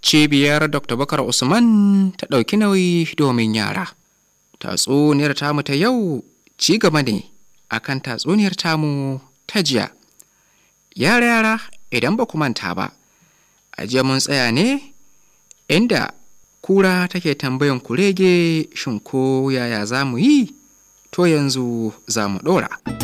cibiyar dr bakar usman ta ɗauki nauyi domin yara tatsuniyar tamu ta yau ci gaba ne akan tatsuniyar tamu ta jiya yara yara idan ba manta ba a jiya mun tsaya ne inda kura take tambayan kurege shin ko yaya za mu yi to yanzu za mu ɗora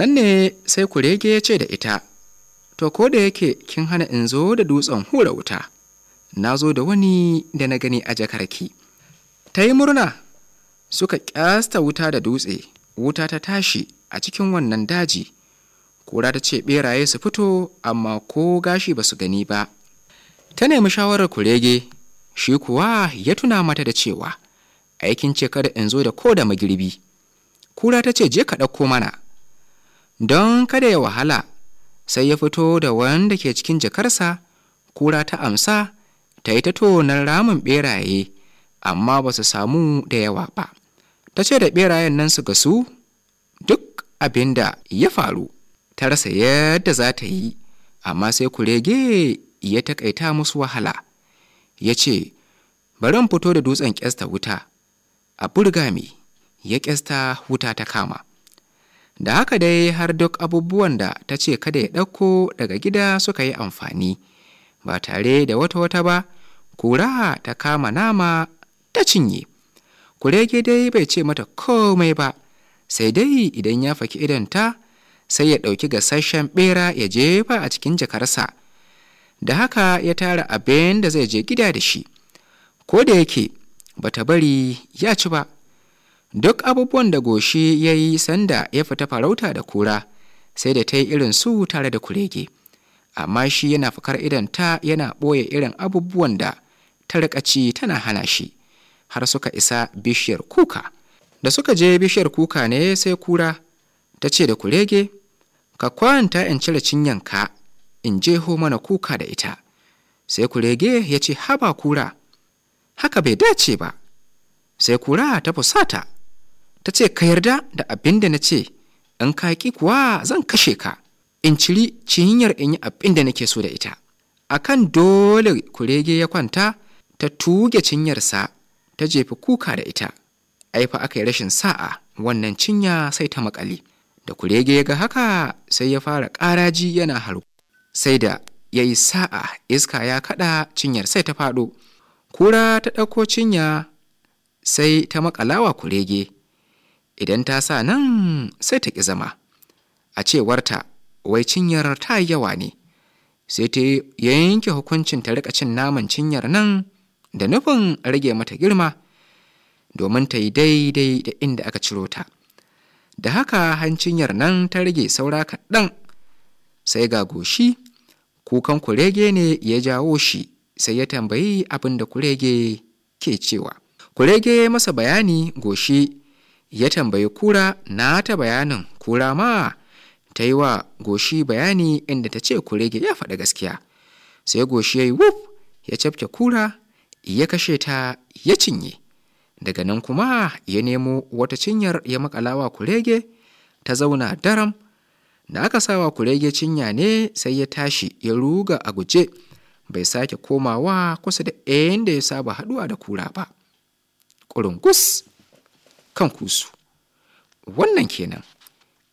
nan ne sai kurege ya ce da ita to ko da yake kin hana in zo da dutsen hura wuta na zo da wani da na gani a jakarki ta yi murna suka kyasta wuta da dutse wuta ta tashi a cikin wannan daji kura ta ce beraye su fito amma ko gashi ba su gani ba ta nemi shawarar kurege shi kuwa ya tuna mata da cewa aikin ce kada in zo da ko da magirbi kura ta ce je ka ɗauko mana don kada ya wahala sai ya fito da wanda ke cikin jakarsa kura ta amsa ta yi ta tonar ramin ɓeraye amma ba su samu da yawa ba ta ce da berayen nan su gasu duk abinda ya faru ta rasa yadda za ta yi amma sai kurege ya taƙaita musu wahala ya ce bari fito da dutsen ƙyasta wuta a burgami ya ƙyasta wuta ta kama da haka dai har duk abubuwan da ta ce kada ya ɗauko daga gida suka yi amfani ba tare da wata-wata ba kura ta kama nama ta cinye kurege dai bai ce mata komai ba sai dai idan ya faki idanta sai ya ɗauki gasasshen ɓera ya jefa a cikin jakarsa da haka ya tara abin da zai je gida da shi ko da yake bata bari ya ci ba duk abubuwan da goshi ya yi sanda ya fita farauta da kura sai da ta yi irin su tare da kurege amma shi yana fakar ta yana ɓoye irin abubuwan da ta riƙa ci tana hana shi har suka isa bishiyar kuka da suka je bishiyar kuka ne sai kura ta ce da kurege ka kwanta in cire cinyanka in je ho mana kuka da ita sai kurege ya ce haba kura haka bai dace ba sai kura ta fusata ta ce ka yarda da abin da na ce in ka ƙi kuwa zan kashe ka in ciri cinyar in yi abin da nake so da ita akan dole kurege ya kwanta ta tuge cinyarsa ta jefi kuka da ita aifa aka yi rashin sa'a wannan cinya sai ta maƙale. da kurege ya ga haka sai ya fara ƙaraji yana haru sai da ya yi sa'a iska ya kaɗa cinyar sai ta faɗo kura ta ɗauko cinya sai ta makalawa kurege idan ta sa nan sai ta ƙi zama a cewarta wai cinyar ta yi yawa ne sai ta yanke hukuncin ta riƙa cin naman cinyar nan da nufin rage mata girma domin ta yi daidai da inda aka ciro ta da haka hancinyar nan ta rage saura kaɗan sai ga goshi kukan kurege ne ya jawo shi sai ya tambayi abin da kurege ke cewa kurege masa bayani goshi ya tambayi kura na ta bayanin kura ma ta yi wa goshi bayani inda ta ce kurege ya faɗa gaskiya sai goshi ya yi wuf ya cafke kura ya kashe ta ya cinye daga nan kuma ya nemo wata cinyar ya makalawa kurege ta zauna daram da aka sawa kurege cinya ne sai ya tashi ya ruga a guje bai sake komawa kusa da inda ya saba haɗuwa da kura ba ƙurungus kan kusu wannan kenan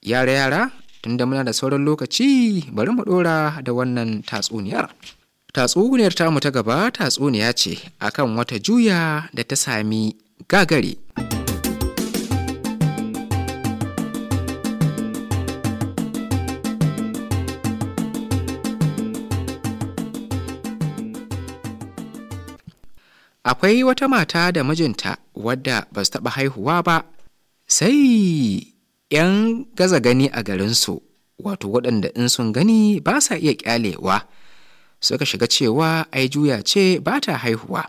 yara yara tunda muna da sauran lokaci bari mu ɗora da wannan tatsuniyar tatsuniyar mu ta gaba tatsuniya ce akan wata juya da ta sami gagare. akwai wata mata da mijinta wadda ba su taɓa haihuwa ba sai 'yan gaza gani a garinsu wato waɗanda in sun gani ba sa iya ƙyalewa suka shiga cewa ai juya ce ba ta haihuwa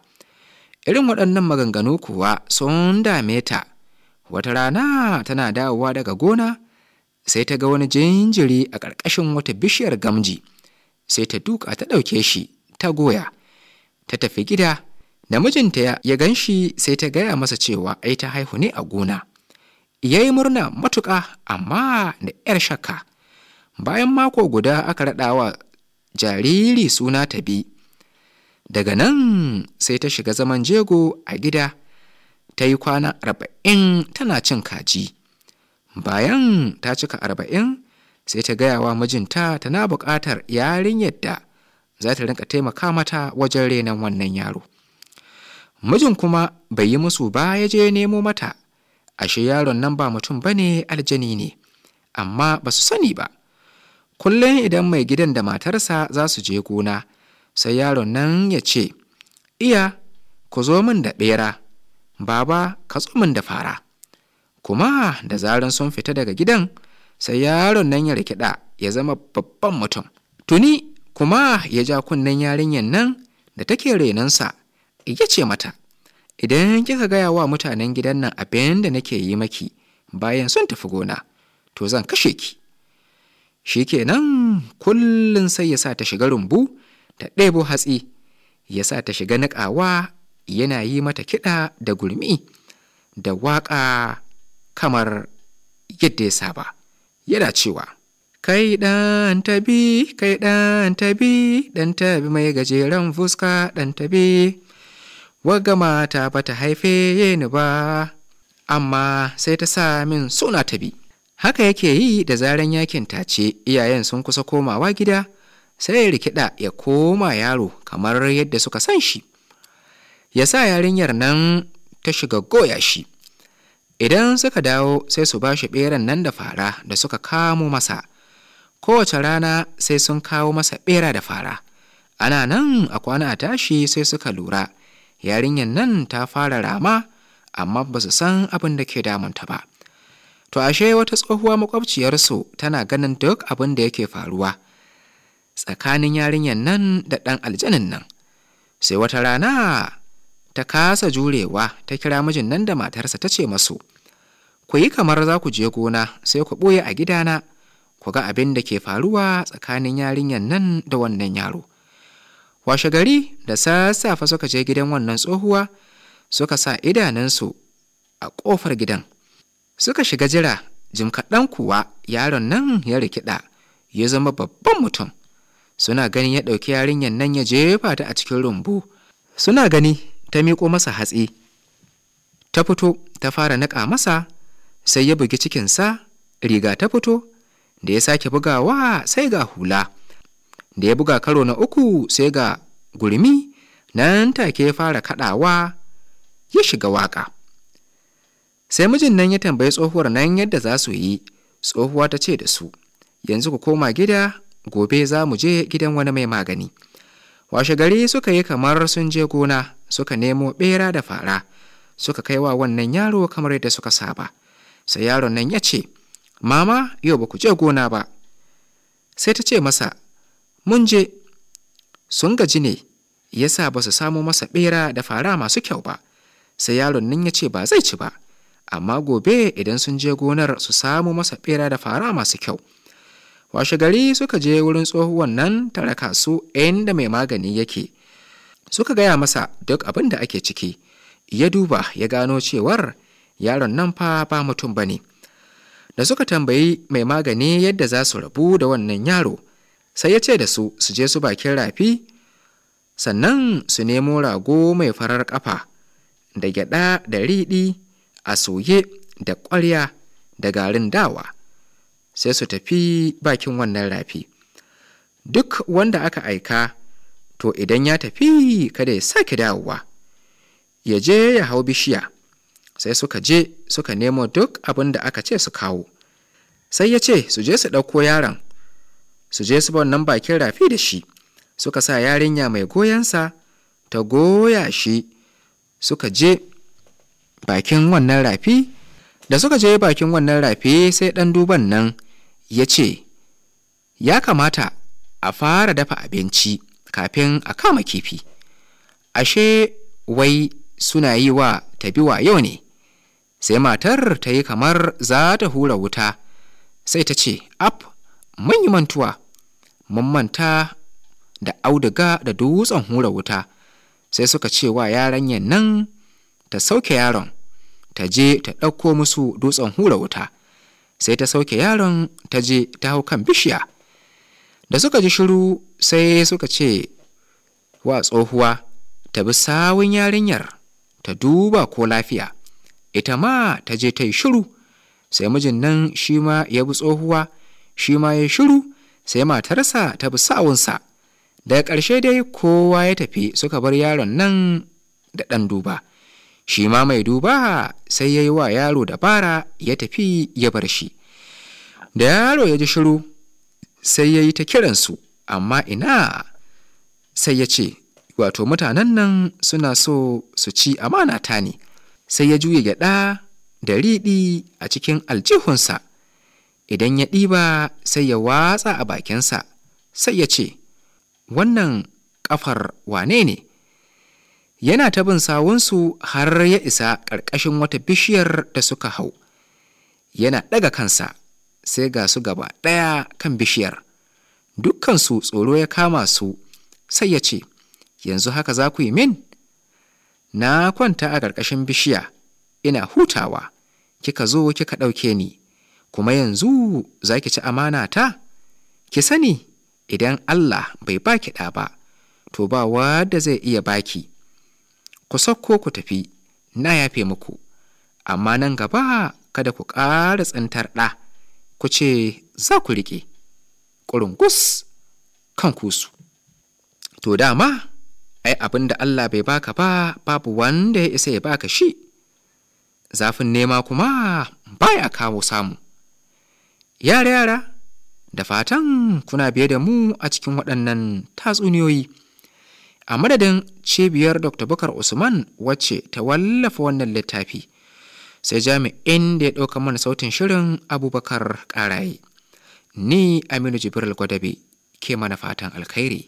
irin waɗannan maganganu kuwa sun dame ta wata rana tana dawowa daga gona sai ta ga wani jinjiri a ƙarƙashin wata bishiyar gamji sai ta duka ta ɗauke shi ta goya ta tafi gida da mijinta ya gan shi sai ta gaya masa cewa ai ta haihu ne a gona ya yi murna matuƙa amma da 'yar shakka bayan mako guda aka raɗa wa jariri suna ta bi. daga nan sai ta shiga zaman jego a gida ta yi kwana arba'in tana cin kaji bayan ta cika arba'in sai ta gaya wa mijinta tana buƙatar yarinyar da za ta rinka taimaka mata wajen renon wannan yaro mijin kuma bai yi musu ba ya je nemo mata ashe yaron nan ba mutum ba ne aljani ne amma ba su sani ba kullum idan mai gidan da matarsa za su je gona sai yaron nan ya ce iya ku zo min da ɓera baba ka zo min da fara kuma da zaran sun fita daga gidan sai yaron nan ya rikida ya zama babban mutum tuni kuma ya ja kunnen yarinyar nan da take renansa ya ce mata idan kika gaya wa mutanen gidan nan abin da nake yi maki bayan sun tafi gona to zan kashe ki Shi kenan kullum sai ya sa ta shiga rumbu ta ɗebo hatsi ya sa ta shiga niƙawa yana yi mata kiɗa da gurmi da waƙa kamar yadda ya saba yana cewa kai ɗan tabi kai ɗan tabi ɗan tabi mai gajeren fuska ɗan tabi wagga mata ba ta haife ni ba amma sai ta sa min suna ta bi haka yake yi da zaren yakin ta ce iyayen sun kusa komawa gida sai rikida ya koma yaro kamar yadda suka san shi ya sa yarinyar nan ta shiga goya shi idan suka dawo sai su ba shi ɓeran nan da fara da suka kamo masa kowace rana sai sun kawo masa ɓera da fara ana nan a kwana a tashi sai suka lura yarinyar nan ta fara rama amma ba su san abin da ke damunta ba to ashe wata tsohuwa makwabciyarsu tana ganin duk abin da yake faruwa tsakanin yarinyar nan da ɗan aljanin nan sai wata rana ta kasa jurewa ta kira mijin nan da matarsa ta ce masu ku yi kamar za ku je gona sai ku ɓoye a gidana ku ga abin da ke faruwa tsakanin yarinyar nan da wannan yaro washe gari da sassafe suka je gidan wannan tsohuwa suka sa idanunsu a ƙofar gidan suka shiga jira jim kaɗan kuwa yaron nan ya rikida ya zama babban mutum suna gani ya ɗauki yarinyar nan ya jefa ta a cikin rumbu suna gani ta miƙo masa hatsi ta fito ta fara niƙa masa sai ya bugi cikinsa riga ta fito da ya sake bugawa sai ga hula da ya buga karo na uku sai ga gurmi nan take ya fara kaɗawa ya shiga waƙa sai mijin nan ya tambayi tsohuwar nan yadda za su yi tsohuwa ta ce da su yanzu ku koma gida gobe za mu je gidan wani mai magani washe gari suka yi kamar sun je gona suka nemo bera da fara suka kai wa wannan yaro kamar yadda suka saba sai yaron nan ya ce mama yau ba ku je gona ba sai ta ce masa mun je sun gaji ne ya sa ba su samu masa bera da fara masu kyau ba sai yaron nan ya ce ba zai ci ba amma gobe idan sun je gonar su samu masa bera da fara masu kyau washe gari suka je wurin tsohuwan nan ta kasu su inda mai magani yake suka gaya masa duk abin da ake ciki ya duba ya gano cewar yaron nan fa ba mutum ba ne da suka tambayi mai magani yadda za su rabu da wannan yaro sai ya ce da su su je su bakin rafi sannan su nemo rago mai farar ƙafa da gyaɗa da riɗi a soye da ƙwarya da garin dawa sai su tafi bakin wannan rafi duk wanda aka aika to idan ya tafi kada ya sake dawowa ya je ya hau bishiya sai suka je suka nemo duk abin da aka ce su kawo sai ya ce su je su ɗauko yaron su je su ba wannan bakin rafi da shi suka sa yarinya mai goyonsa ta goya shi suka je bakin wannan rafi da suka je bakin wannan rafi sai ɗan duban nan ya ce ya kamata a fara dafa abinci kafin a kama kifi ashe wai suna yi wa tabiwa yau ne sai matar ta yi kamar za ta hura wuta sai ta ce ap mun mantuwa mun manta da auduga da dutsen hura wuta sai suka ce wa yaranyan nan ta sauke yaron ta je ta ɗauko musu dutsen hura wuta sai ta sauke yaron ta je ta hau kan bishiya da suka ji shiru sai suka ce wa tsohuwa ta bi sawun yarinyar ta duba ko lafiya ita ma ta je ta yi shiru sai mijin nan shi ma ya bi tsohuwa shi ma ya shiru sai matarsa ta bi sa'awunsa daga ƙarshe dai kowa ya tafi suka bar yaron nan da ɗan duba shi ma mai duba sai ya yi wa yaro dabara ya tafi ya bar shi da yaro ya ji shiru sai ya yi ta kiransu amma ina sai ya ce wato mutanen nan suna so su ci amana ta ne sai ya juya gyaɗa da riɗi a cikin aljihunsa idan ya ɗiba sai ya watsa a bakinsa sai ya ce wannan ƙafar wane ne yana ta bin sawunsu har ya isa ƙarƙashin wata bishiyar da suka hau yana ɗaga kansa sai ga su gaba ɗaya kan bishiyar dukkansu tsoro ya kama su sai ya ce yanzu haka za ku yi min na kwanta a ƙarƙashin bishiya ina hutawa kika zo kika ɗauke ni kuma yanzu za ki ci amana ta ki sani idan allah bai baki ɗa ba to ba wadda zai iya baki ku sauko ku tafi na yafe muku amma nan gaba kada ku ƙara tsintar ɗa ku ce za ku riƙe ƙurungus kan kusu to dama ai abin da allah bai baka ba babu wanda ya isa ya baka shi zafin nema kuma baya kawo samu yara yara da fatan kuna biye da mu a cikin waɗannan tatsuniyoyi a madadin cibiyar dr bukar usman wacce ta wallafa wannan littafi sai jami'in da ya ɗauka mana sautin shirin abubakar ƙaraye ni aminu jibril gwadabe ke mana fatan alkhairi